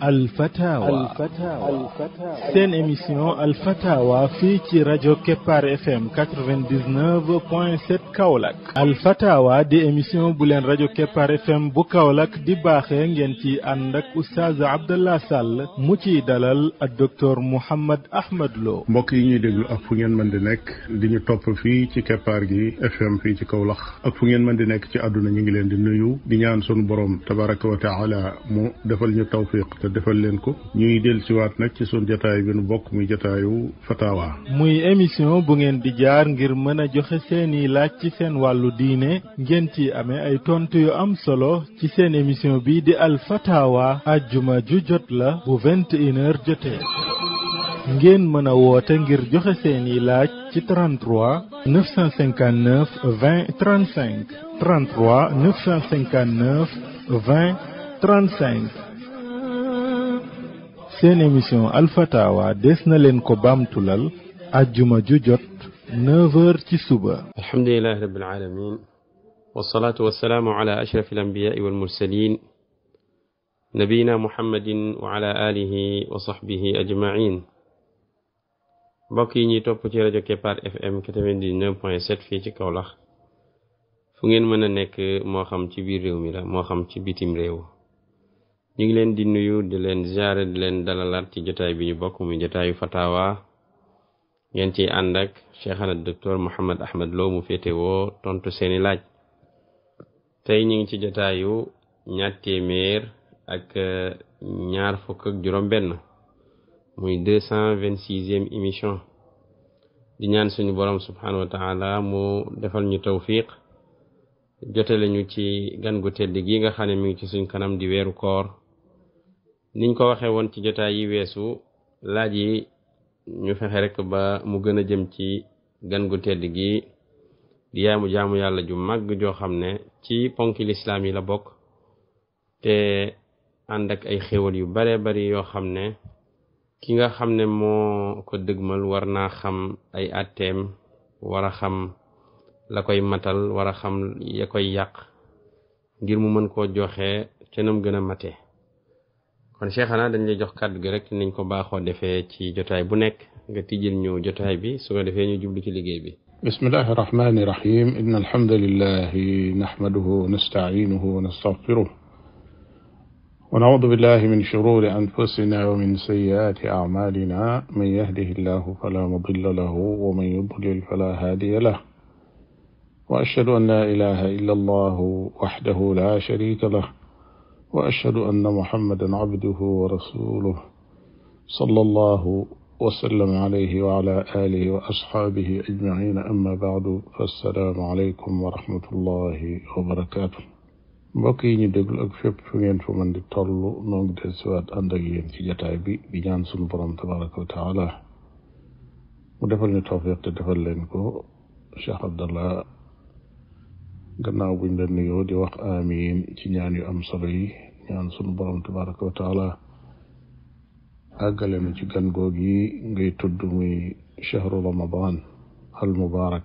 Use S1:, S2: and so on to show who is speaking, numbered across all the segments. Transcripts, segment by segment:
S1: alfatawa seen émission alfatawa fii ci rajo keppaar fm 99 point 7 kaolack alfatawa di émission bu leen rajo keppaar fm bu kaolack di baaxee ngeen ci ànd ak oustaz abdallah sall mu ciy dalal ak docteur mouhamad ahmad lo mbokk yi ñuy déglu ak fu ngeen mën di nekk di ñu topp fii ci keppaar gi fm fii ci kaolack ak fu ngeen mën di nekk ci àdduna ñu ngi leen di nuyu di ñaan sunu borom tabaraka wa taala mu defal ñu tawfiq defal leen ko ñuy dellusiwaat nag ci sunu jataay bi nu bokk muy jataayu Fatawa. muy émission bu ngeen di jaar ngir mën a joxe seeni laaj ci seen wàllu diine ngeen ci amee ay tontu yu am solo ci seen émission bi di al Fatawa ajjuma ju jot la bu vingt et jotee. ngeen mën a woote ngir joxe seeni laaj ci 33 959 20 35 33 959 20 35 seen émission alfatawa des na leen ko baamtulal
S2: ajjuma ju jot 9h ci suba. alhamdulilahi rabbil alamin wasalaatu wasalaamu ala ashraf al anbiyaai wal mursalin nabiyina muhammadin wa ala alihi wa sahbihi ajmain mbokk yi ñuy topp ci rajo Kepar FM 99.7 fii ci Kaolack fu ngeen mën a nekk moo xam ci biir réew mi la moo xam ci bitim réew ñu ngi leen di nuyu di leen ziare di leen dalalaat ci jotaay bi ñu bokk mu jotaayu fatawa ngeen ciy ànd ak cheikhana docteur Mouhammad Ahmad Lo mu féete tontu seeni laaj tey ñu ngi ci jotaayu ñaar téeméer ak euh, ñaar fukk ak juróom-benn muy deux cent vingt sixième émission di ñaan suñu borom subhanahu wa mu defal ñu tawfiq jote ñu ci gan gu tedd gi nga xam ne mi ngi ci suñ kanam di weeru koor niñ ko waxee woon ci jotaay yi weesu laaj yi ñu fexe rek ba mu gën a jëm ci gan gu tedd gi di yaay mu jaamu yàlla ju màgg joo xam ne ci ponki lislaam yi la bokk te ànd ak ay xéwal yu bare bari yoo xam ne ki nga xam ne moo ko dëgmal war naa xam ay atteem war a xam la koy matal war a xam ya koy yàq ngir mu mën koo joxe te nam gën a mate kon Cheikh xanaa dañ lay jox kàddu gi rek nañ ko baaxoo defee ci jotaay bu nekk nga ñu jotaay bi su defee ñu jublu ci liggéey bi
S1: bismillahi irrahmani irrahim in alhamdulillahi nahmaduhu wa nastainuhu wa nastaghfiruh wa naudu billahi min shururi anfusina wa min sayyiati acmalina man yahdihi llahu fala وأشهد أن محمدا عبده ورسوله صلى الله وسلم عليه وعلى آله وأصحابه أجمعين أما بعد فالسلام عليكم ورحمة الله وبركاته mbokk yi ñu déglu ak fépp fu ngeen fa mën di toll noo ngi del siwaat ànd ak yéen ci jataay bi di ñaan suñu borom tabaraka wa taala mu defal ñu tawfiq te defal leen ko Cheikh Abdallah gannaaw buñ la di wax amiin ci ñaan yu am solo yi ñaan sunu borom tabaraka wa taala àggale ci gan goog yi ngay tudd muy chahru ramadan al mubarak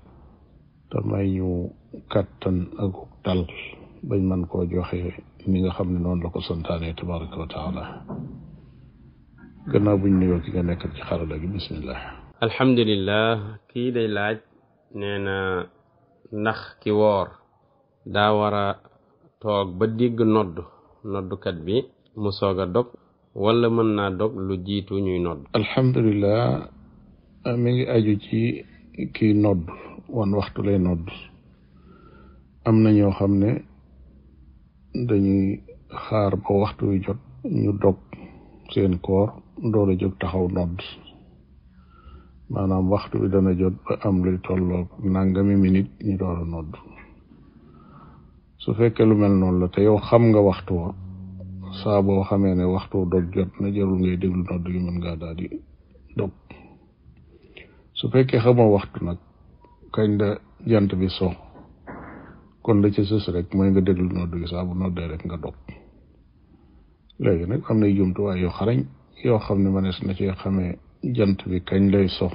S1: te may ñu kattan ak dal bañ man koo joxe ni nga xam ne noonu la ko santaane tabaraka wa taala gannaaw buñ nuyoo ki bismillah
S2: alhamdulillah kii day laaj nee na ndax daa war toog ba dégg nodd noddukat bi mu soog a dog walla mën na dog lu jiitu ñuy nodd alhamdulilah
S1: mi ngi aju ci ki nodd wan waxtu lay nodd am na ñoo xam ne dañuy xaar ba waxtu wi jot ñu dog seen koor doole jóg taxaw nodd maanaam waxtu wi dana jot ba am luy tolloog nangami minute ñu door a nodd su fekkee lu mel noonu la te yow xam nga waxtu wa saa boo xamee ne waxtu dog jot na jarul ngay déglu nodd gi mën ngaa daal di dog su fekkee xamoo waxtu nag kañ la jant bi so kon la ci sës rek mooy nga déglu nodd gi saabu bu noddee rek nga dog léegi nag am nay jumtuwaay yoo xarañ yoo xam ne manees na ci xamee jant bi kañ lay so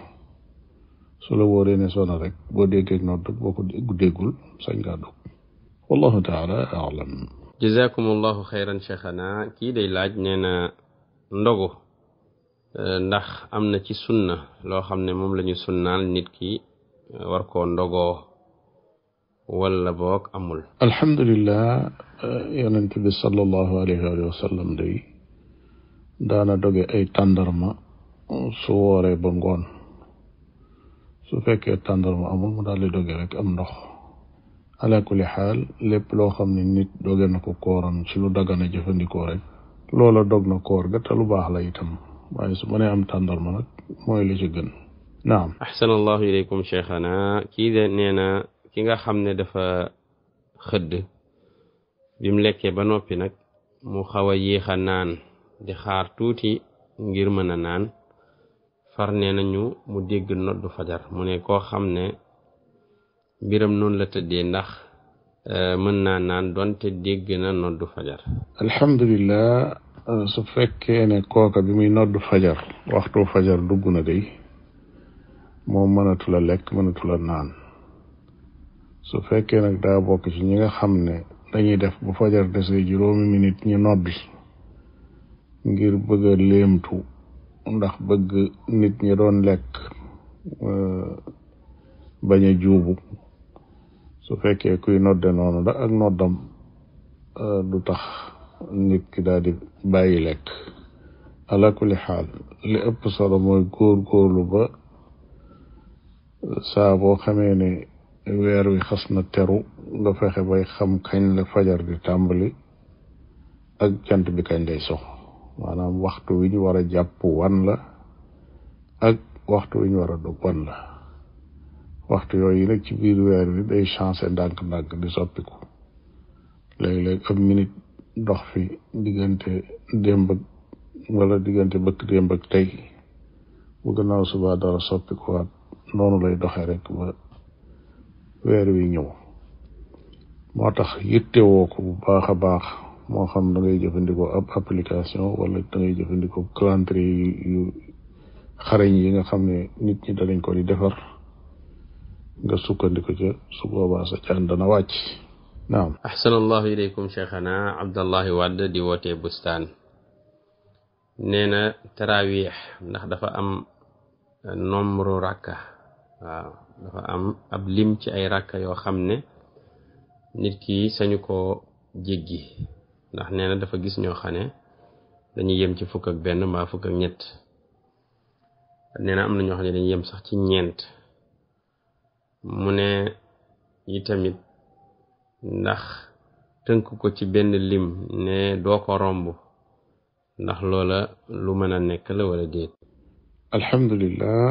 S1: su la wóoree ne so rek boo déggee nodd boo ko déggul sañ ngaa dog wallahu taala alam
S2: jazakumullahu xayran cheikhana kii day laaj nee na ndogu eh, ndax am na ci sunna loo xam ne moom lañu ñu sunnaal nit ki ndogo eh, koo ndogoo wala boog amul
S1: alhamdulillah eh, yonent bi sallallahu alayhi wa ay tàndarma su wooree ba su fekkee tàndarma amul mu daal di am ndox ala kulli xaal lépp loo xam ne nit doge na ko kooram ci lu dagana jëfandikoo rek loola dog na koor ga te lu baax la itam waaye su mënee am tàndarma nag mooy li ci gën
S2: ahsanallahu ilaykum cheikhana kii de nee na ki nga xam ne dafa xëdd bi lekkee ba noppi nag mu xaw a yéex a naan di xaar tuuti ngir mën a naan far ne nañu mu dégg noddu fajar mu ne koo xam ne mbiram noonu la tëddee ndax euh, mën naa naan donte dégg na noddu fajar
S1: alhamdulilah euh, su fekkee ne kooka bi muy noddu fajar waxtu fajar dugg na day moom mënatula lekk mënatula naan su fekkee nag daa bokk ci ñi nga xam ne dañuy def bu fajar desee juróomi minit ñu noddi ngir bëgg a ndax bëgg nit ñi doon lekk euh, bañ juubu su fekkee kuy nodde noonu da ak noddam euh, du tax nit ki daal bàyyi lekk ala kulli xaal li ëpp solo mooy góorgóorlu ba saa boo xamee ne weer wi xas na teru nga fexe bay xam kañ la fajar di tàmbali ak jant bi kañ lay sox maanaam waxtu wi ñu war a jàpp wan la ak waxtu wi ñu war a dog wan la waxtu yooyu nag ci biir weer wi day changer ndànk-ndànk di soppiku léeg-léeg ab minute dox fi diggante démb wala diggante bëkk démb ak tey bu gannaaw subaa dara soppikuwaat noonu lay doxee rek ba weer wi ñëw moo tax yittewoo ko bu baax a baax moo xam da ngay jëfandikoo ab application wala da jëfandikoo calendrier yu xarañ yi nga xam ne nit ñi danañ ko di defar nga sukkandiku ca su boobaa sa caan dana wàcc
S2: naam ahsanallahu ilaykum cheikhana abdallahi wadd di wootee bustaan nee na taraawix ndax dafa am eh, nombre ràkka waaw dafa am ab lim ci ay ràkka yoo xam ne nit ki sañu koo jéggi ndax nee na dafa gis ñoo xam ne dañuy yem ci fukk ak benn mbaa fukk ak ñett nee na am na ñoo xam ne dañuy yem sax ci ñeent mu ne yi ndax tënk ko ci benn lim ne doo ko romb ndax loola lu mën a nekk la wala déet alhamdulillah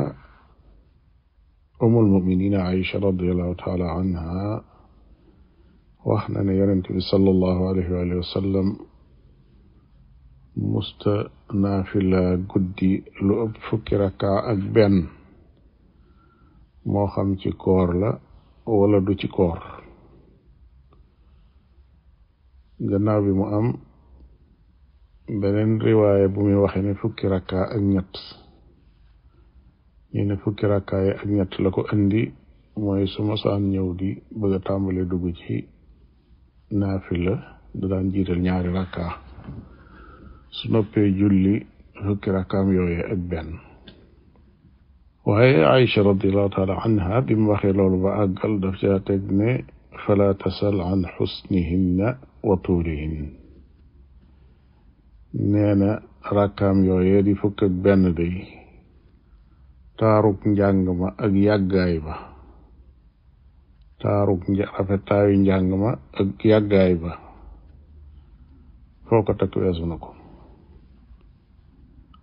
S1: umul muminina aïcha radiallahu taala anha wax na ne yonent bi sallallahu alayhi naafila guddi lu ëpp fukki ak benn moo xam ci koor la wala du ci koor gannaaw bi mu am beneen riwaaya bu muy waxee ne fukki rakka ak ñett ñu ne fukki rakka yi ak ñett la ko indi mooy su masaan ñëw di bëgg a tàmbale dugg ci naafila da daan jiital ñaari rakka su noppee julli fukki rakkaam yooye ak benn waaye Aïcha radiallahu taala anha bi loolu ba àggal daf caa teg ne fala tasal an xusnihinna wa tuulihin nee na rakkaam di fukk benn day taarug njàng ma ak yàggaay ba taarug ma ak yàggaay ba foo ko takk weesu na ko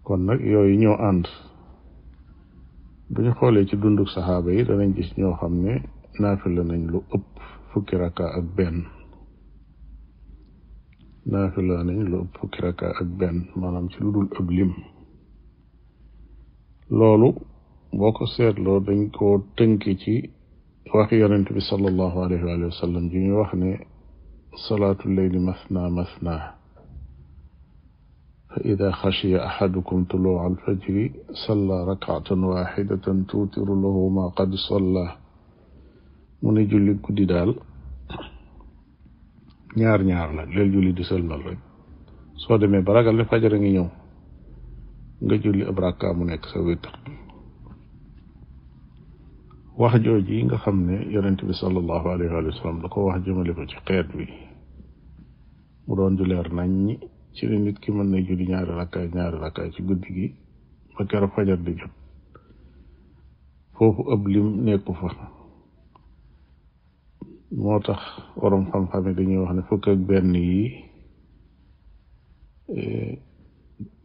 S1: kon nag yooyu ñoo bu xoolee ci dunduk saxaaba yi danañ gis ñoo xam ne naafila nañ lu ëpp fukki rakka ak benn naafila nañ lu ëpp fukki rakka ak benn maanaam ci lu dul ëpp lim loolu boo ko seetloo dañ ko tënk ci waxi yonent bi sallallahu alayhi wa ñu wax ne salaatu leyli masna masna a ida xashiya axadukum tuluu alfajri salla rakatan waxidatan tuutiru lahu ma qad salla mu ne julli guddi daal ñaar ñaar la leel julli di sëlmal rek soo demee ba ragal ne fajar ngi ñëw nga julli ab mu nekk sa wétr wax jooji nga xam ne yonent bi sallallahu alayhi wa sallam da ko wax jëmale ko ci xeet wi mu doon ju nañ ci ne nit ki mën na julli ñaari rakkaay ñaari rakkaay ci guddi gi ba keroog fajar di jot foofu ëpp lim nekku fa moo tax waroom xam-xam yi dañuy wax ne fukk ak benn yi e,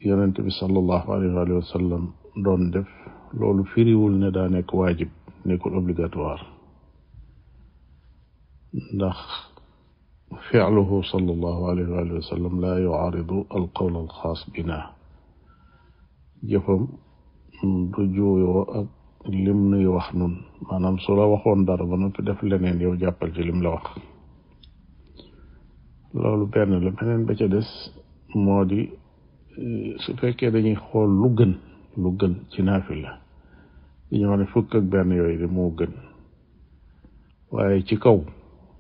S1: yonent bi sallallahu alayhi wa sallam doon def loolu firiwul ne daa nekk waajib nekkul obligatoire ndax fi'luhu sallallahu alayhi wa sallam laa yu'aaridu alqawl alxaas binaa jëfam du juuyoo ak lim nuy wax nun maanaam su la waxoon dara ba noppi def leneen yow jàppal ci lim la wax loolu benn la beneen ba ca des moo di su fekkee dañuy xool lu gën lu gën ci naafila di ñu wax ne fukk ak benn yooyu de moo ci kaw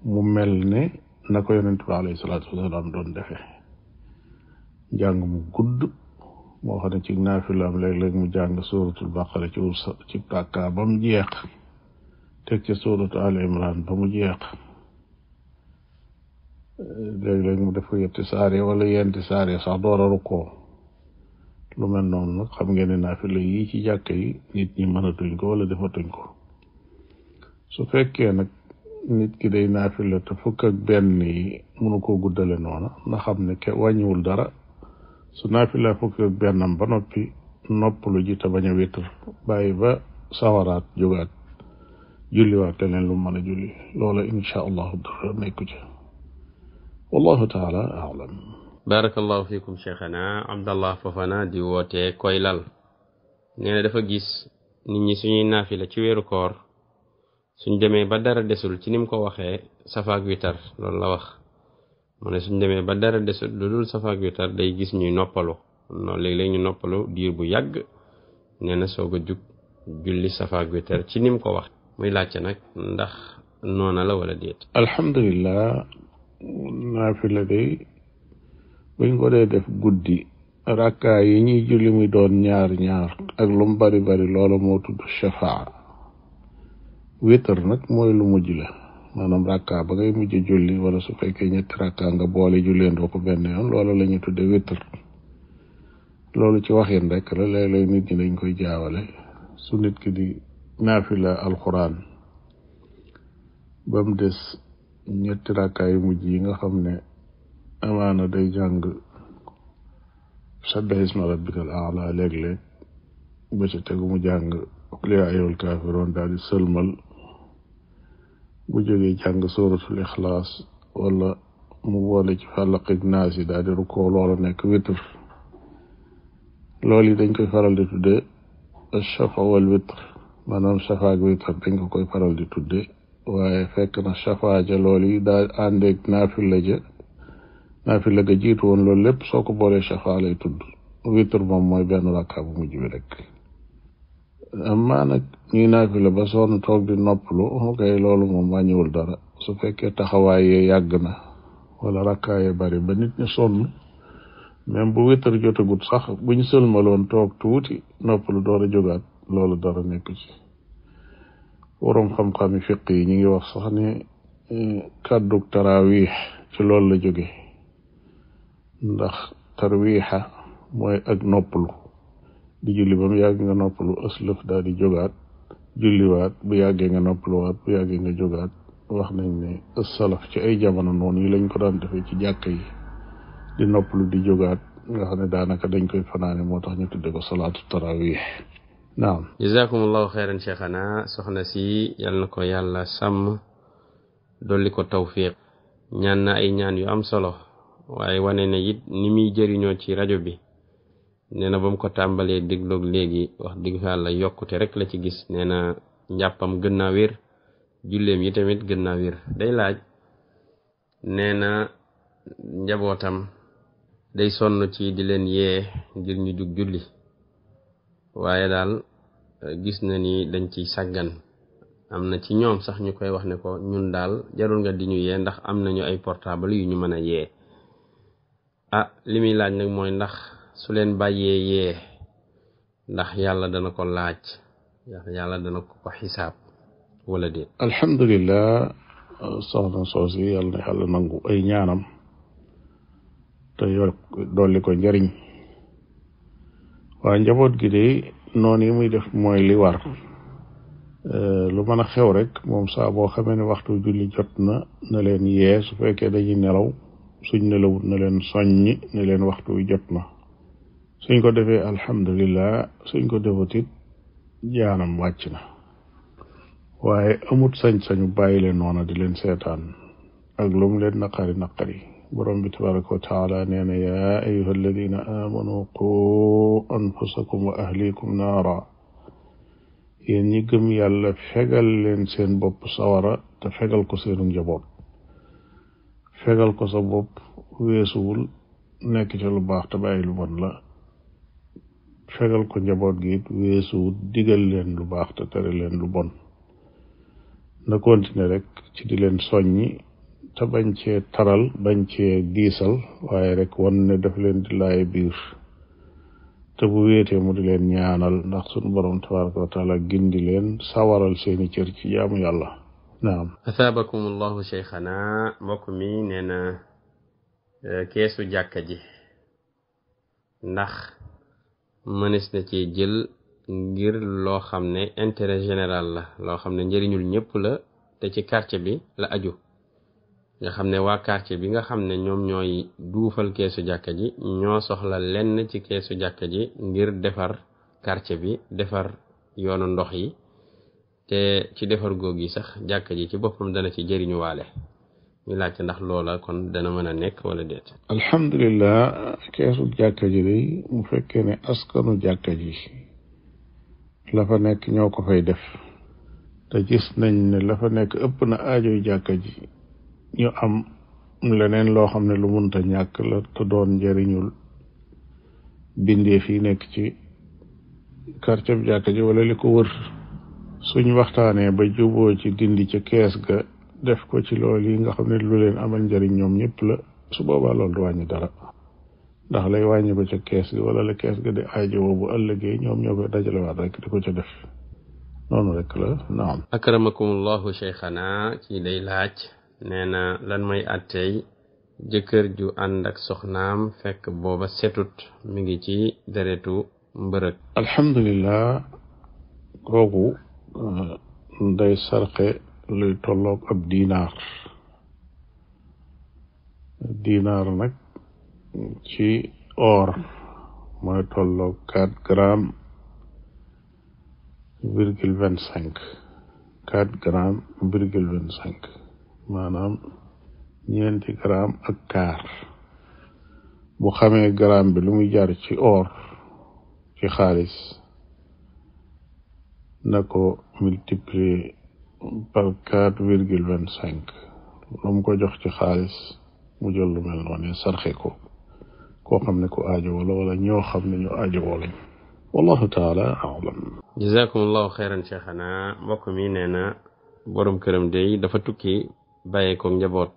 S1: mu mel ne nag ko yonent bi alayhi salaatu wasalaam doon defee jàng mu gudd moo xam ne ci naafilaam léeg-léeg mu jàng suuratul baqara ci ci kàkkaa ba mu jeex teg ci suuratu al imran ba mu jeex léeg-léeg mu def ko yetti saare wala yenti saare sax door a rukkoo lu mel noonu nag xam ngeen ne naafila yi ci jàkka yi nit ñi mënatuñ ko wala defatuñ ko su fekkee nag nit ki day naafila te fukk ak benn yi mënu guddale noona na xam ne ke wàññiwul dara su naafila fukk ak bennam ba noppi noppalu ji te bañ a ba sawaraat jógaat julliwaat leneen lu mën a julli loola insha allahu dara nekku ca
S2: wallahu taala alam barakallahu fikum cheikhana abdallah fofana di woote koy lal na dafa gis nit ñi suñuy naafila ci weeru koor suñ demee ba dara desul ci ni ko waxee safaak witar loolu la wax mu ne suñ demee ba dara desul lu dul safaak witar day gis ñuy noppalu noonu léeg ñu noppalu diir bu yàgg nee na soog a jug julli safaak witar ci nim ko wax muy laajte nag ndax noona la wala déet alhamdulilah
S1: naafila day buñ ko dee def guddi rakkaa yi ñuy julli muy doon ñaar ñaar ak lu mu bari bari loolu moo tudd shafaa wéetar nag mooy lu mujj la maanaam rakka ba ngay mujj julli wala su fekkee ñetti rakka nga boole julleendoo ko benn yoon loolu la ñuy tudde wéetar loolu ci waxin rek la léeg-léeg nit ñi dañ koy jaawale su nit ki di naafila alxuraan ba mu des ñetti rakkaay mujj yi nga xam ne amaana day jàng sabbih isma rabbikal a'la léeg-léeg ba ci tegu mu jàng qul yaa ayyuhal daal di sëlmal bu jógee jàng suratul ixlaas wala mu boole ci fàllaqig naas yi daal di rukkoo loola nekk witr loolu dañ koy faral di tudde chafa wal witr maanaam chafa ak witr dañ ko koy faral di tudde waaye fekk na chafa ja loolu yi daa àndeeg naafila ja naafila ga jiitu woon loolu lépp soo ko boolee chafa lay tudd witr moom mooy benn rakka bu rek amma nag ñuy naafila ba sonn toog di noppalu kay loolu moom wàññiwul dara su fekkee taxawaay yee yàgg na wala rakkaaye bari ba nit ñi sonn même bu wétar jotagut sax buñ sëlmaloon toog tuuti noppalu door a jógaat loolu dara nekk ci xam-xam yi fiq yi ñu ngi wax sax ne eh, kàddug loolu la jóge ndax tarwiixa mooy ak nopplu di julli ba mu yàgg nga noppalu ëslëf daal di jógaat julliwaat bu yàggee nga noppaluwaat bu yàggee nga jógaat wax nañ ne ëssalaf ci ay jamono noonu yi lañ ko daan defee ci jàkk yi di noppalu di jógaat nga xam ne daanaka dañ koy fanaane moo tax ñu tudde ko salaatu tarawih
S2: naam jazakumullahu xeyran cheikhana soxna si yal na ko yàlla sàmm dolli ko tawfiq ñaan na ay ñaan yu am solo waaye wane ne it ni muy jëriñoo ci rajo bi nee na ba mu ko tàmbalee dégloog léegi wax dëgg yàlla yokkute rek la ci gis nee na njàppam gën naa wér julleem yi tamit gën naa day laaj nee na njabootam day sonn ci di leen yee ngir ñu jug julli waaye daal eh, gis na ni dañ ci sàggan am na ci ñoom sax ñu koy wax ne ko ñun daal jarul nga di ñu yee ndax am nañu ay portable yu ñu mën a yee ah li laaj nag mooy ndax su leen bàyyee yee ndax yàlla dana ko laaj ndax yàlla dana ko xisaab wala déet
S1: alhamdulilah soxna soosi yàlla na yàlla nangu ay ñaanam te dolli ko njariñ waa njaboot gi de noonu yi muy def mooy li war eh, lu mën a xew rek moom saa boo xamee ne waxtu julli jot na na leen yee su fekkee dañuy nelaw suñ nelawut na leen soññi ne leen waxtu wi jot na suñ ko defee alhamdulillah suñ ko defatit jaanam wàcc na waaye amut sañ-sañu bàyyi leen noona di leen seetaan ak lu mu leen naqari naqari borom bi tabaraka wa taala nee na yaa ayuha alladina amanu qu anfusakum wa ahlikum naara yéen ñi gëm yàlla fegal leen seen bopp sawara te fegal ko seenu njaboot fegal ko sa bopp weesuwul nekk ca lu baax te bàyyi lu bon la fegal ko njaboot gi it weesuwut digal leen lu baax te tere leen lu bon na continuer rek ci di leen soññi te bañ cee taral bañ cee diisal waaye rek wan ne daf leen di laaye biir te bu wéetee mu di leen ñaanal ndax sunu borom tabaraka wa taala gindi leen sawaral seeni cër ci jaamu yàlla naam
S2: asaabakum allahu cheikhana mbokk mi nee na eh, keesu jàkka ji ndax mënees na cee jël ngir loo xam ne intérêt général la loo xam ne njëriñul ñëpp la te ci quartier bi la aju nga xam ne waa quartier bi nga xam ne ñoom ñooy duufal keesu jàkka ji ñoo soxla lenn ci keesu jàkka ji ngir defar kàrce bi defar yoonu ndox yi te ci defar góog yi sax jàkka ji ci boppam dana ci jëriñu waale ñu ndax loola kon dana mën nekk wala déet
S1: alhamdulilah keesu jàkka ji day mu fekkee ne askanu jàkka ji la fa nekk ñoo ko fay def te gis nañ ne lafa nekk ëpp na aajoy jàkka ji ñu am leneen loo xam ne lu munta ñàkk la te doon njëriñul bindee fi nekk ci quartier jàkka ji wala li ko wër suñ waxtaanee ba juboo ci dindi ca kees ga def ko ci loolu yi nga xam ne lu leen amal njëriñ ñoom ñëpp la su boobaa loolu du wàññi dara ndax lay wàññi ko ca kees gi wala la kees ga di aajowoo bu ëllëgee ñoom ñoo koy dajalewaat rek di ko ca def noonu rek la naam.
S2: akramakumullahu cheikhana kii day laaj nee na lan may àttey jëkkër ju ànd soxnaam fekk booba setut mi ngi ci deretu mbërëg. alhamdulilah kooku
S1: euh, day sarxe luy tolloog ab dinaar dinaar nag ci or mooy tollook quatre grammes virgule vingt cinq quatre grammes virgule vingt cinq maanaam ñeenti gram ak quart bu xamee gram bi lu muy jar ci or ci xaalis na ko multiplier par quatre lu mu ko jox ci xaalis mu jël mel noonu sarxe ko koo xam ne ku aajowoo la wala ñoo xam ne ñu aajowoo lañ wallahu taala alam
S2: jazakumullahu xeyran cheikhana mbokk mi nee na borom këram day dafa tukki bàyyee ko njaboot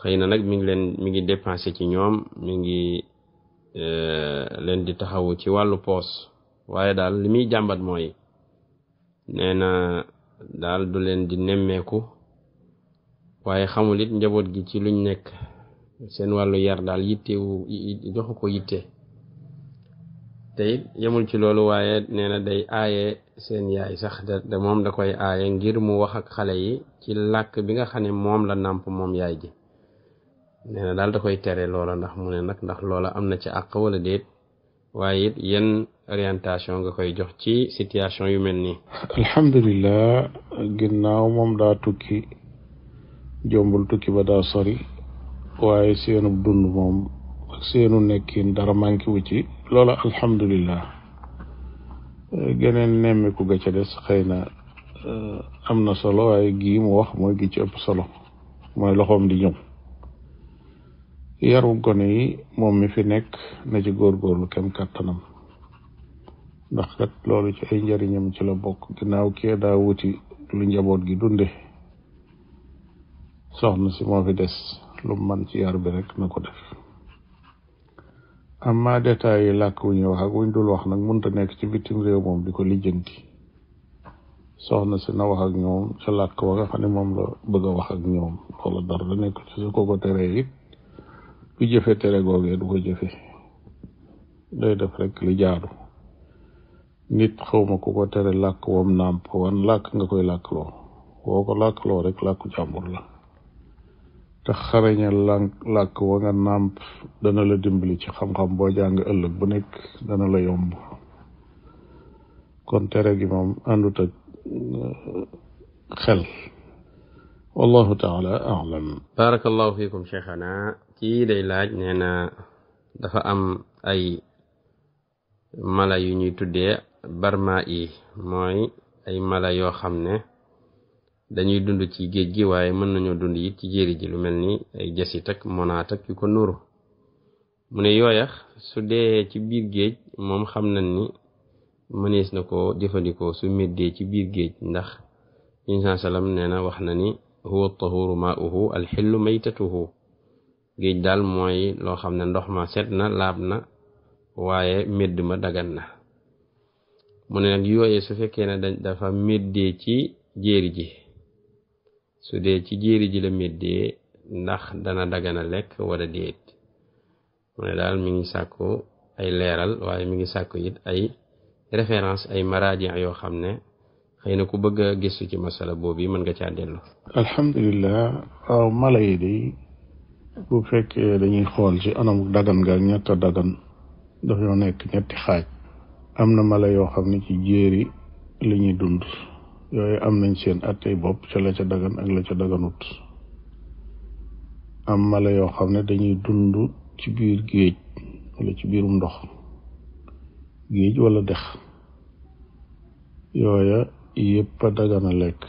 S2: xëy na nag mi ngi leen mi ngi dépensé ci ñoom mi ngi e, leen di taxawu ci wàllu poos waaye daal li muy jàmbat mooy nee daal du leen di nemmeeku waaye xamul it njaboot gi ci luñ nekk seen wàllu yar daal yittewu joxu ko yitte te yemul ci loolu waaye nee na day aaye seen yaay sax da moom da koy aaye ngir mu wax ak xale yi ci làkk bi nga xam ne moom la nàmp moom yaay ji nee na daal da koy tere loola ndax mu ne nag ndax loola am na ci àq de déet waaye it yenn orientation nga koy jox ci situation yu mel nii.
S1: alhamdulilah ginnaaw moom daa tukki jombul tukki ba daa sori waaye seenu dund moom ak seenu nekkin dara manqué wu ci loola alhamdulilah geneen nemmiku ga ca des xëy na eh, am na solo waaye gii wax mooy gi ci ëpp solo mooy loxoom di ñëw. yaru gone moom mi fi nekk na ci góorgóorlu kem kàttanam ndax kat loolu ci ay njariñam ci la bokk ginnaaw kee daa wuti lu njaboot gi dunde soxna si moo fi des lu man ci yar bi rek na ko def amma détails yi làkk wu ñuy wax ak dul wax nag mënta nekk ci bitim réew moom di ko lijjanti soxna si na wax ak ñoom ca làkk wa nga xam moom la bëgg a wax ak ñoom loola dara da nekk ci su ko ko teree it du jëfe tere googee du ko jëfe day def rek li jaadu nit xawma ku ko tere làkk wam nàmp wan làkk nga koy làkkloo woo ko làkkloo rek lakk jàmbur la te xaraña lànk làkk wa dana la dimbali ci xam-xam boo jàng ëllëg bu nekk dana la yomb kon tere gi moom àndut ak uh,
S2: xel wallahu taala alam barakallahu fiikum cheikhana kii day laaj nee dafa am ay mala yu ñuy tuddee barma yi mooy ay mala yoo xam ne dañuy dund ci géej gi waaye mën nañoo dund it ci jéeri ji lu mel ni ay jasit ak monaat ak yu ko nuuru mu ne yooyax su dee ci biir géej moom xam nañ ni mënees na ko jëfandikoo su méddee ci biir géej ndax in saa salaam na wax na ni huwa tahuru maauhu alxillu maytatuhu géej daal mooy loo xam ne ndox ma set na laab na waaye médd ma dagan na mu ne nag yooye su fekkee ne dafa méddee ci jéeri ji su dee ci jéeri ji la méddee ndax dana dagana lekk walla déet mu ne daal mi ngi sàkku ay leeral waaye mi ngi sàkku it ay référence ay maraaji yoo xam ne xëy na ku bëgg a ci masala boobu yi mën nga caa dellu
S1: alhamdulilah waaw mala yi day bu fekkee dañuy xool ci anam dagan nga ñett dagan dafa nekk ñetti xaaj am na mala yoo xam ne ci jéeri li ñuy dund yooyu am nañ seen attey bopp ca la ca dagan ak la ca daganut am mala yoo xam ne dañuy dund ci biir géej wala ci biirum ndox géej walla dex yooya yëpp a dagan lekk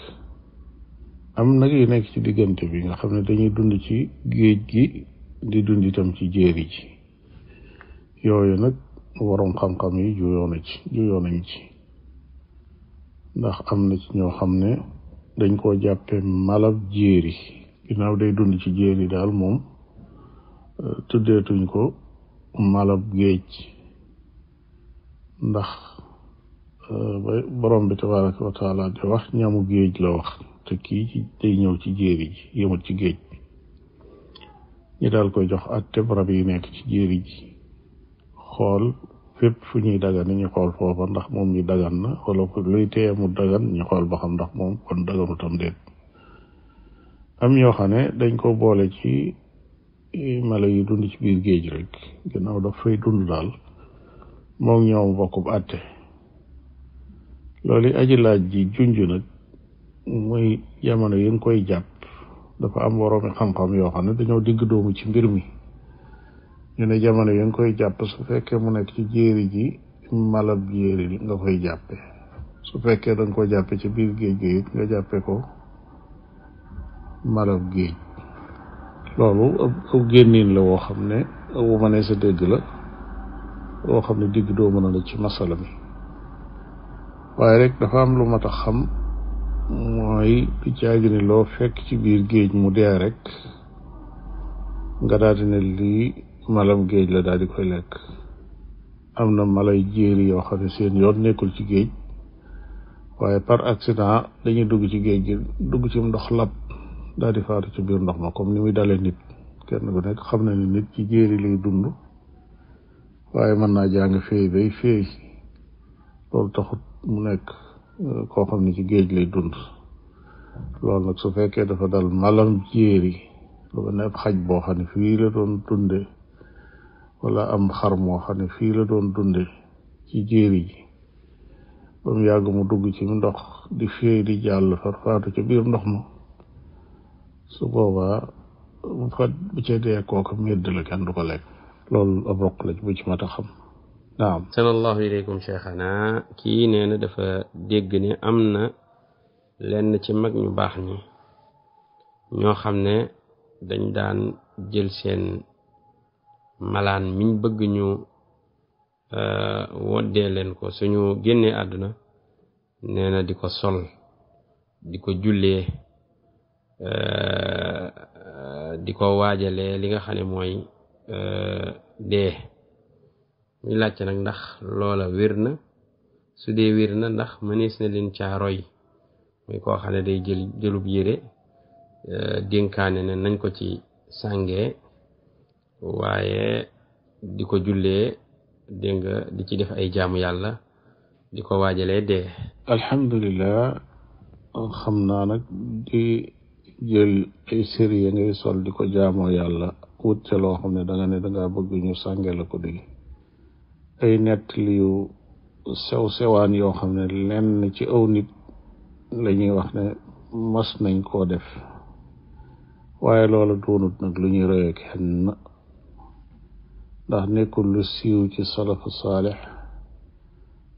S1: am nag yu nekk ci diggante bi nga xam ne dañuy dund ci géej gi di dund itam ci jéeri ji yooyu nag waroom xam-xam yi juyoo na ci juyoo ndax am na ci ñoo xam ne dañ koo jàppe malab jéeri ginnaaw day dund ci jéeri daal moom euh, tuddeetuñ ko malab géej ndax euh, ba borom bi tabaraka wa taala wax ñamu géej la wax te kii ci day ñëw ci jéeri ji yëmut ci géej bi ñu daal koy jox atteb rab yi nekk ci jéeri ji xool fépp fu ñuy dagan ñu xool foofa ndax moom ñu dagan na wala luy teye mu dagan ñu xool ba xam ndax moom kon daganu tam déet am yoo xam ne dañ ko boole ci mala yi dund ci biir géej rek ginnaaw daf fay dund daal moom ñoom bokkub àtte loolu aji laaj ji junj nag muy jamono yi nga koy jàpp dafa am boroomi xam-xam yoo xam ne dañoo digg doomu ci mbir mi ñu ne jamono yi nga koy jàpp su fekkee mu nekk ci jéeri ji malab jéeri nga koy jàppe su fekkee danga ko jàppe ci biir géej géej nga jàppe ko malab géej loolu aw génniin la woo xam ne wu ma ne sa dégg la woo xam ne digg doo mën la ci masala mi waaye rek dafa am lu mat a xam mooy di caagi loo fekk ci biir géej mu dee rek nga daal ne lii malam géej la daal di koy lekk am na malay jéeri yoo xam ne seen yoon nekkul ci géej waaye par accident dañuy dugg ci géej gi dugg ci ndox lab daal di faatu ci biir ndox ma comme ni muy dalee nit kenn ku nekk xam na nit ci jéeri lay dund waaye mën naa jàng féey bay féey loolu taxut mu nekk euh, koo xam ne ci géej lay dund loolu nag su fekkee dafa dal malam jéeri lu ko nekk xaj boo xam ne fii la doon dunde wala am xar moo xam ne fii la doon dunde ci jéeri ji ba mu yàgg mu dugg ci ndox di féey di jàll farfaatu ca biir ndox ma su boobaa bu fa bu ca dee kooka medd la kenn du ko lekk loolu la bu ci mat a xam
S2: naam sallallahu aleykum cheikhana kii nee dafa dégg ne am na lenn ci mag ñu baax ñi ñoo xam ne dañ daan jël seen malaan miñ bëgg ñu euh, woddee leen ko suñu génnee àdduna nee na di ko sol di ko jullee euh, di ko waajalee li nga xam ne mooy euh, dee ñu laajte nag ndax loola wér na su dee wér na ndax mënees na leen caaro yi muy koo xam ne day jël jëlub yére dénkaane ne nañ ko ci sàngee waaye di ko jullee dégg nga di ci def ay jaamu yàlla di ko waajalee dee alhamdulilah
S1: xam naa nag di jël ay série ngay sol di ko jaamoo yàlla wut ca loo xam ne da ne da ngaa bëgg ñu sànge la ko di ay nettali sew sewaan yoo xam ne lenn ci aw nit la ñuy wax ne mas nañ koo def waaye loola doonut nag lu ñuy roye kenn ndax nekkul lu siiw ci salafu saalix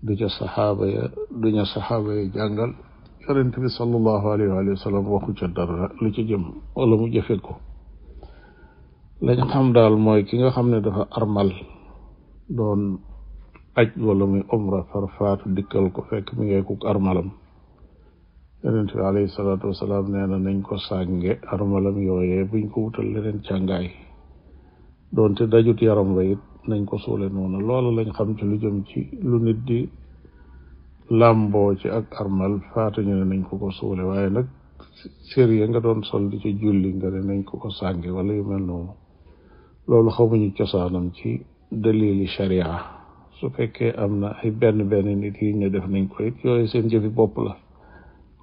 S1: du ca saxaaba ya duña ya jàngal yonent bi sallallahu alayhi waxu ca dara lu ca jëm wala mu jëfe ko lañ xam daal mooy ki nga xam ne dafa armal doon aj wala mu omra farfaatu dikkal ko fekk mi ngay kuk armalam yonent bi alayhi salaatu wasalaam nee na nañ ko sànge armalam yooyee buñ ko wutal leneen càngaay doonte dajut yaram wa it nañ ko suule noonu loolu lañ xam ci lu jëm ci lu nit di làmboo ci ak armal faata nañ ko ko suule waaye nag sér ya nga doon sol di ci julli nga ne nañ ko ko sànge wala yu mel noonu loolu xamuñu cosaanam ci dalili sharia su fekkee am na ay benn benn nit yi ne def nañ ko it yooyu seen jëfi bopp la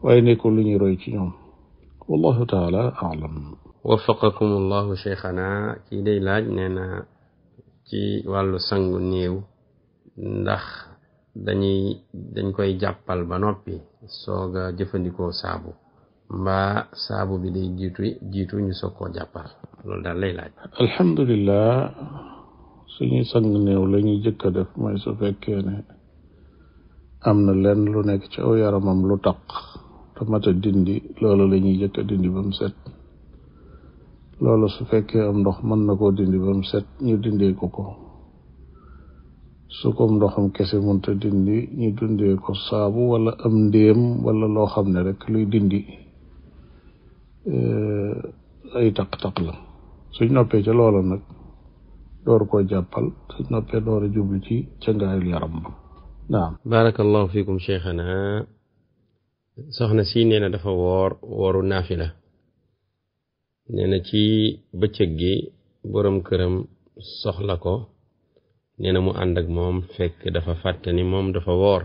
S1: waaye nekkul lu ñuy roy ci ñoom wallahu taala alam
S2: waffaqakum allahu cheikhana kii day laaj nee na ci wàllu sangu néew ndax dañuy dañ koy jàppal ba noppi soog a jëfandikoo saabu mbaa saabu bi day jiitu jiitu ñu soog koo jàppal loolu daal lay laaj alhamdulilah suñuy sang néew la ñuy jëkk a def
S1: mooy su fekkee ne am na lenn lu nekk ci aw yaramam lu taq te mat dindi loolu la ñuy jëkk a dindi ba mu set loolu su fekkee am ndox mën na koo dindi ba mu set ñu dindee ko ko su ko ndoxam kese mënta dindi ñu dundee ko saabu walla am ndéem wala loo xam ne rek luy dindi eh, ay taq-taq la suñ noppee ca loola nag door koo jàppal suñ noppee door a jublu ci cangaayul yaram ba naam
S2: barakallahu fikum soxna si nee na dafa woor wooru naafila nee ci bëccëg gi boroom këram soxla ko nee mu ànd ak moom fekk dafa fàtte ni moom dafa woor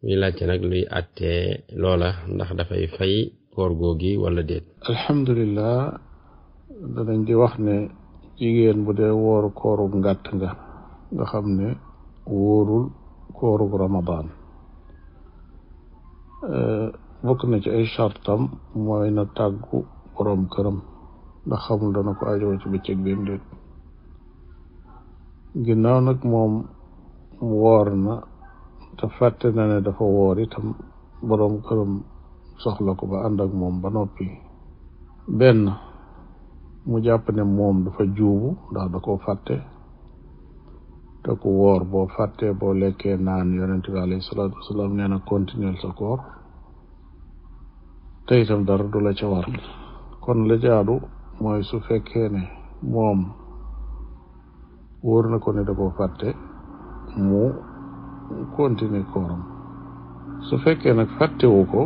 S2: muy laajte nag luy àttee loola ndax dafay fay koor googi wala déet
S1: alhamdulilah danañ di wax ne jigéen bu dee wooru koorug ngàtt nga nga xam ne wóorul koorug ramadaan eh, bokk na ci ay chartam mooy na tàggu boroom këram ndax xamul dana ko ajoo ci bëccëg bi déet ginnaaw nag moom woor na te fàtte na ne dafa woor itam boroom këram soxla ko ba ànd ak moom ba noppi benn mu jàpp ne moom dafa juubu ndax da koo fàtte te ku woor boo fàttee boo lekkee naan yonent bi alayhi salaatu wasalaam nee na continuer sa koor te dara du la ca kon la jaadu mooy su fekkee ne moom wóor na ko ne da koo mu continuer kooram su fekkee nag wu ko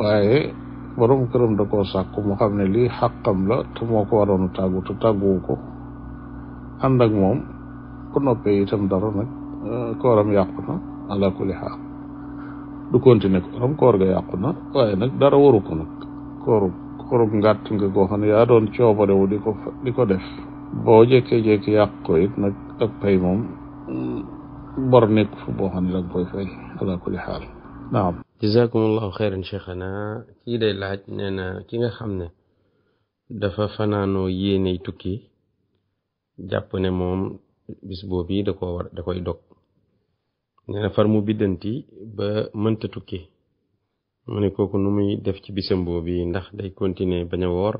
S1: waaye borom këram da koo sàkku mo xam ne lii xàqam la te moo ko waroon a tàggu te tàgguwu ko ànd ak moom bu noppee itam dara nag euh, kooram yàqu na du continuer kooram koor ga yàqu na waaye nag dara waru ko nag korug ngàtt nga koo xam ne doon coobarewu di ko di ko def boo jékkee-jékki yàq ko it nag ak pay moom mm, bor nekk fu boo xam ne danga koy fay ala kulli xaal
S2: naam day laaj nee na ki nga xam ne dafa fanaanoo yéeney tukki jàpp ne mom bis boobu da ko war koy dog nee na mu biddanti ba mënta tukki mu ne kooku nu muy def ci bisam yi ndax day continuer bañ woor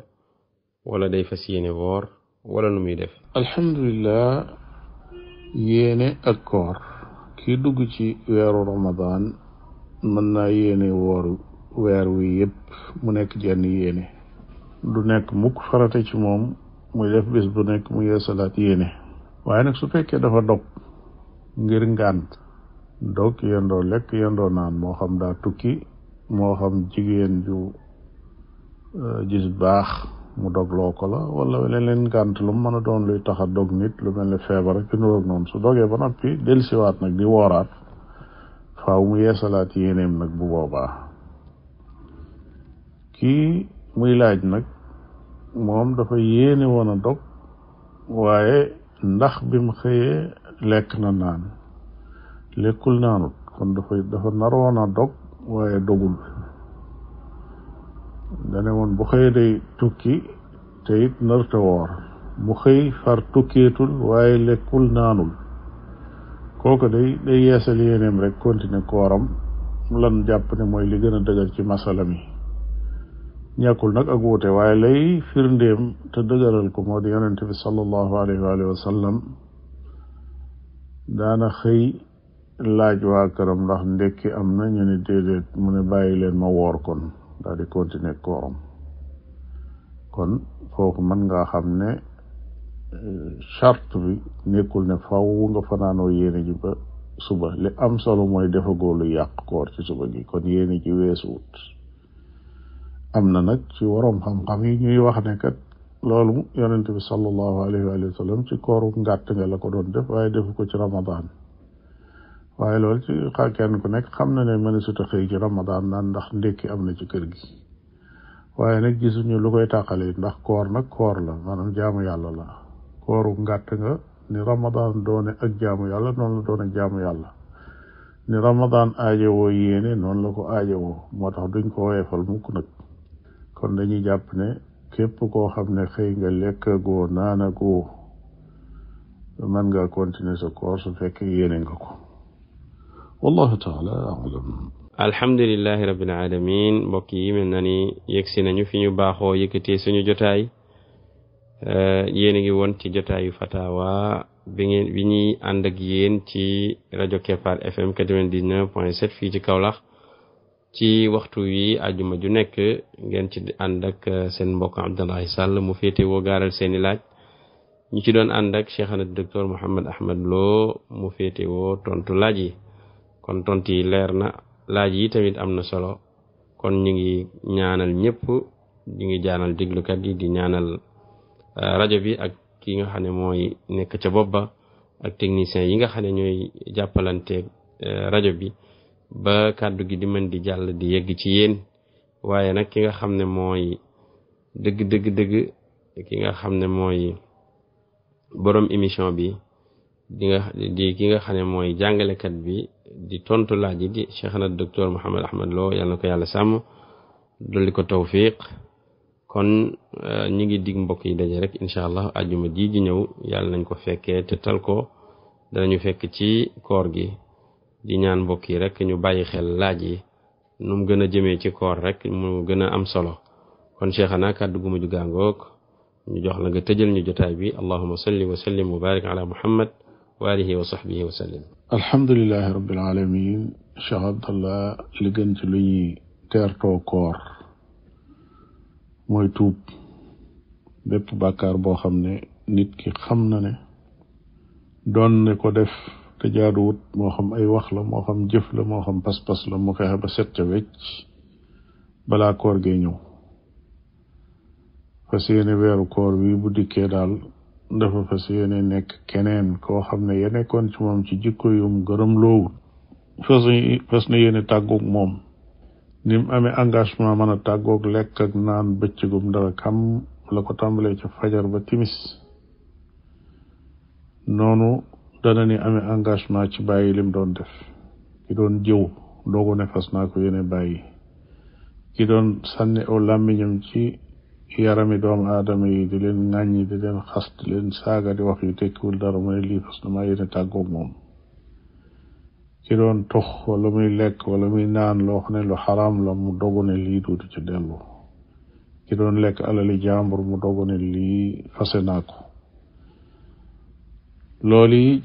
S2: wala day fas yéene woor wala nu muy def alhamdulilah yéene ak koor
S1: kii dugg ci weeru ramadan mën naa yéene wooru weer wi yëpp mu nekk jenn yéene du nekk mukk farata ci moom muy def bis bu nekk mu yeesalaat yéene waaye nag su fekkee dafa dog ngir ngànt dog yendoo lekk yendoo naan moo xam daa tukki moo xam jigéen ju euh, gis baax mu dog loo ko la wala leen gànt lu mën a doon luy tax a dog nit lu mel ne feebar ak nuroog noonu su dogee ba noppi dellusiwaat nag di wooraat faaw mu yeesalaat yéeneem nag bu boobaa kii muy laaj nag moom dafa yéene woon a dog waaye ndax bi mu xëyee lekk na naan lekkul naanut kon dafa dafa naroon a dog waaye dogul dane woon bu xëyee day tukki te it narta woor mu xëy far tukkeetul waaye lekkul naanul kooko day day yeesal yéeneem rek continuer kooram lan jàpp ne mooy li gën a dëgër ci masala mi ñàkkul nag ak wuute waaye lay firndéem te dëgëral ko moo di yonente bi sallallahu alayhi wa sallam daana xëy laaj waa këram ndax ndekki am na ñu ne déedéet mu ne bàyyi leen ma woor kon daal di continuer kooram kon foofu mën ngaa xam ne euh, charte bi nekkul ne faw nga fanaanoo yéene ji ba suba li am solo mooy defagoo lu yàq koor ci suba gi kon yéene weesu weesuwut am na nag ci waroom xam-xam yi ñuy wax ne loolu yonente bi sallallahu alayhi wa sallam ci kooru ngàtt nga la ko doon def waaye defu ko ci ramadan waaye loolu ci xa kenn ku nekk xam na ne mën a suta xëy ci ramadaan naan ndax ndékki am na ci kër gi waaye nag gisuñu lu koy tàqale ndax koor nag koor la maanaam jaamu yàlla la kooru ngàtt nga ni ramadaan doone ak jaamu yàlla noonu la doone jaamu yàlla ni ramadaan aajowoo yéene noonu la ko aajowoo moo tax duñ ko woyefal mukk nag kon dañuy jàpp ne képp koo xam ne xëy nga go lekkagoo naanagoo man nga continuer sa koor su fekkee yéene nga ko wallahu taala
S2: alam alhamdulilahi rabbil alamin mbokk yi mel na ni yëgsi nañu fi ñu baaxoo yëkkatee suñu jotaay eh, yéen a ngi woon ci jotaayu fatawa bi ngeen bi ñuy ànd yéen ci rajo Kepar FM fii ci Kaolack ci waxtu wi àjjuma ju nekk ngeen ci ànd ak eh, seen mbokk Abdoulaye Sall mu féete woo gaaral seeni laaj ñu ci doon ànd ak Cheikh Ahmed docteur Mouhamed Ahmed mu féete woo tontu laaj yi kon tont yi leer na laaj yi tamit am na solo kon ñu ngi ñaanal ñëpp ñu ngi jaanal déglukat yi di ñaanal euh, rajo bi ak ki nga xam ne mooy nekk ca bopp ba ak technicien yi nga xam ne ñooy jàppalanteeg euh, rajo bi ba kàddu gi di mën di jàll di yegg ci yéen waaye nag ki nga xam ne mooy dëgg dëgg ki nga xam ne mooy borom émission bi di nga ki nga xam ne mooy jàngalekat bi di tontu laaj ji di cheikhana docteur Mouhamed Ahmad Lo yàlla na ko yàlla sàmm dolli ko tawfiq kon euh, ñu ngi digg mbokk yi daje rek incha allah ajuma ji ji ñëw yàlla nañ ko fekkee te tal ko danañu fekk ci koor gi di ñaan mbokk yi rek ñu bàyyi xel laaj yi nu mu gën a jëmee ci koor rek mu gën a am solo kon cheikhana kàddu gu mujj gàngook ñu jox la nga tëjal ñu jotaay bi allahuma salli wa sallim wa barik ala muhammad wa alihi wa sahbihi wa sallim
S1: alhamdulilahi rabbil alamin Cheikh Abdallah li ci lu ñuy teertoo koor mooy tuub bépp bàkkaar boo xam ne nit ki xam na ne doon ne ko def te jaaduwut moo xam ay wax la moo xam jëf la moo xam pas-pas la mu fexe ba set ca wecc balaa koor gee ñëw fas yéene weeru koor wi bu dikkee daal dafa fas yéene nekk keneen koo xam ne ya nekkoon ci moom ci jikko yum gërëm loowul fas na yéene tàggoog moom ni mu amee engagement man a tàggoog lekk ak naan bëccëgum dara kam la ko tàmbalee ci fajar ba timis noonu dana ni amee engagement ci bàyyi lim doon def ki doon jëw doogu ne fas naa ko yéene bàyyi ki doon sànni aw làmmiñam ci ci yarami doomu aadama yi di leen ŋàññi di leen xas leen saaga di wax yu tekkiwul dara mu ne fas damaa yéene tàggoog moom ki doon tux wala muy lekk wala muy naan loo xam ne lu xaraam la mu dogu ne lii duutu ci dellu ki doon lekk alali jàmbur mu dogu ne lii fase naa ko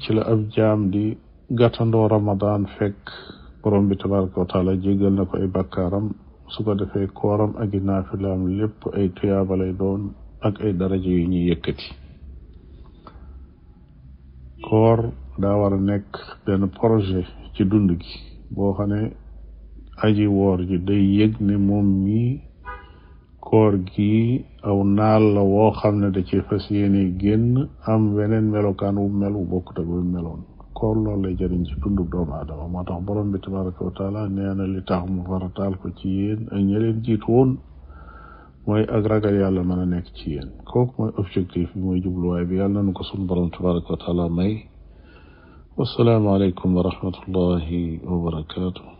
S1: ci la ab jaam di gàttandoo Ramadan fekk borom bi tabaraka wa taala jéggal ko ay bakkaaram su ko defee kooram ak i naafilaam lépp ay tuyaaba doon ak ay daraja yu ñuy yëkkati koor daa war a nekk benn projet ci dund gi boo xam ne aji woor ji day yëg ne moom mii koor gi aw naal la woo xam ne da ci fas yéene génn am weneen melokaan wu mel wu bokkut ak wu meloon koor loolu lay jëriñ ci dundub doomu aadama moo tax borom bi tabaraka wa taala nee na li tax mu farataal ko ci yéen ak ña leen jiit mooy ak ragal yàlla mën a nekk ci yéen kooku mooy objectif bi mooy jubluwaay bi yàlla nañu ko sunu borom tabaraka wa taala may wasalaamu aleykum wa rahmatullahi